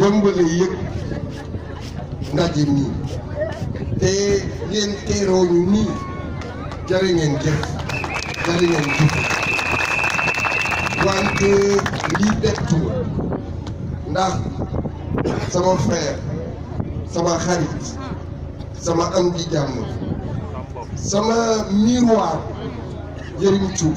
démb la yëg ndaje nii te ngeen teeroo nii jërë jëf jërë jëf wante lii bettu ndax sama frère sama xarit sama am di jàmm sama miroir jëriñ cuub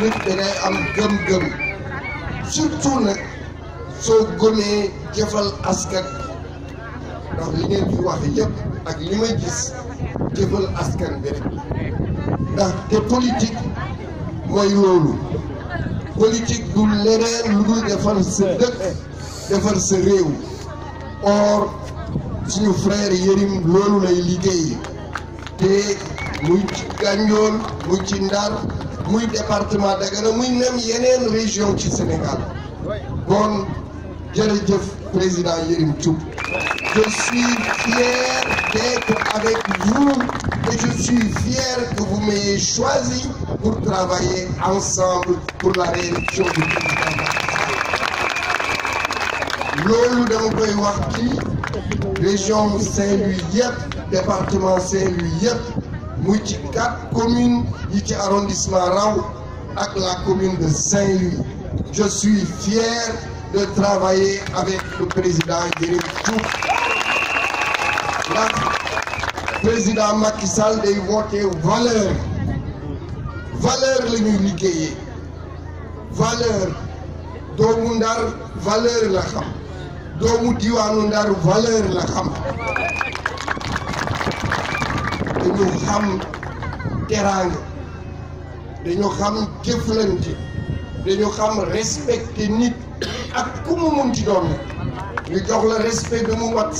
nit da ngay am gëm-gëm surtout nag soo gëmee jëfal askan ndax li ngeen gis askan bi rek ndax te politique mooy loolu politique du leneen lu dul defar sa dëkk defar sa réew or suñu frère Yérim loolu lay liggéey te muy ci Gànjool ci Ndar muy département Dagana muy même yenen région du Sénégal bon jërëjëf président Yérim je suis fier d'être avec vous et je suis fier que vous m'ayez choisi pour travailler ensemble pour la réélection du président Lolo dama koy wax ci région Saint-Louis yëpp département Saint-Louis yëpp muy quatre communes yi ci arrondissement Rao ak la commune de Saint-Louis je suis fier de travailler avec le président Yérim Diouf Le président Macky Sall day woote valeur valeur la ñuy liggéeyee valeur doomu ndar valeur la xam doomu diwaanu ndar valeur la xam dañu xam teraanga dañu xam jëflante dañu xam respecté nit ak ku mu mun ci doon ñu jox la respect bi mu mat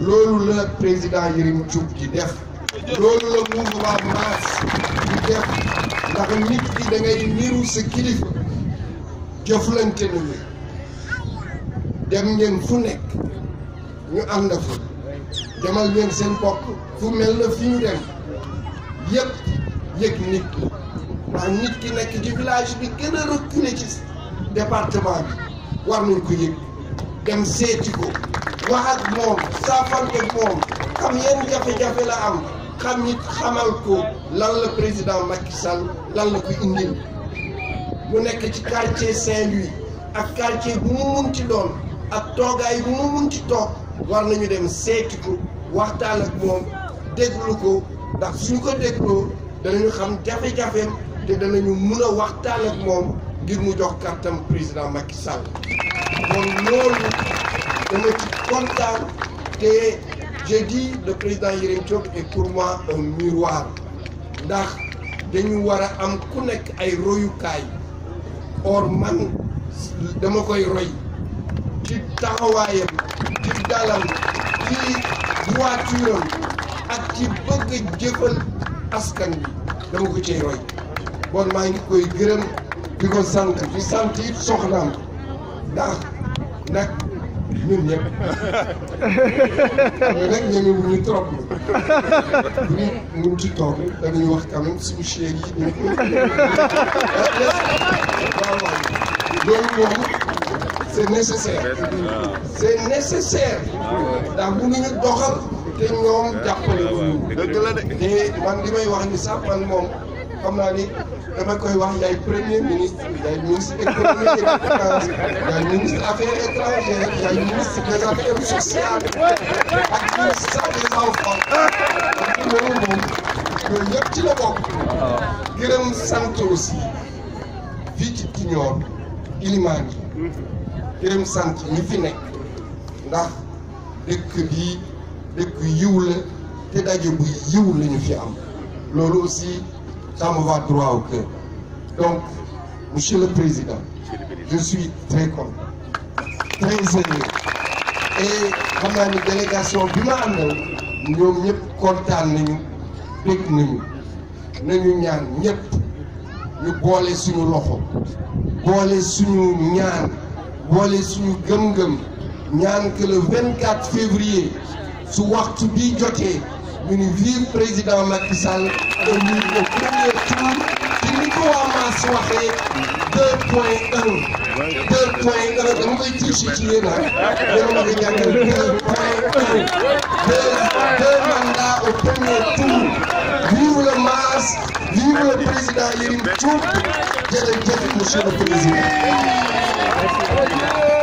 loolu la président Yérim Thioub di def loolu la mouvement Mass di def ndax nit ki da ngay niru sa kilifa jëflante nañu dem ngeen fu nekk ñu ànd fa demal leen seen bopp fu mel na fi ñu dem yëpp yëg nit ki ndax nit ki nekk ci village bi gën a reculé ci département bi war nañ ko yëg dem seeti ko wax ak moom saafante moom xam yenn jafe-jafe la am xam nit xamal ko lan la président Macky Sall la ko indil mu nekk ci quartier Saint-Louis ak quartier bu mu munti doon ak toogaay bu mu munti toog war nañu dem seeti ko waxtaan ak moom déglu ko ndax suñu ko dégloo danañu xam jafe-jafeem te danañu mun a waxtaan ak moom ngir mu jox kàttam président Macky Sall kon loolu dama ci kontaan te j'ai dit président Yérim Diop est pour moi un miroir ndax dañu war a am ku nekk ay royukaay or man dama koy roy taxawaayam ci dalam ci voiture ak ci bëgg jëfal askan bi dama ko cay roy bon maa ngi koy gërëm di ko sant di sant it soxnaam ndax nag ñun ñëpp xam nag ñeme wu ñu trop bu ñu mun ci toog dañuy wax quand même suñu chère yi ñu waaw loolu moom c'est nécessaire c'est ah. nécessaire ndax doxal te ñoom jàppale ah, ñu dëgg la man li may wax ni sax moom xam naa ni dama koy wax yaay premier ministre yaay ministre économique yaay ministre affaires étrangères yaay ministre des affaires sociales ak ministre des enfants ak loolu moom yooyu yëpp ci la bokk ah. gërëm sant aussi fii yi gërëm sant ñi fi ndax bu aussi ça me va droit au donc monsieur le président je suis très content très heureux et comme une délégation bi nous nous ñoom ñëpp kontaan nañu nañu ñaan ñu suñu que le 24 février su waxtu bi jotee ñu vive président Macky Sall nous, le premier tour ci ni ko waa Mass 2.1 2.1 dama koy tricher ci 2.1 ah. deux mandats au premier tour vive le Mass vive le président Yérim Diop jërëjëf monsieur le président Спасибо.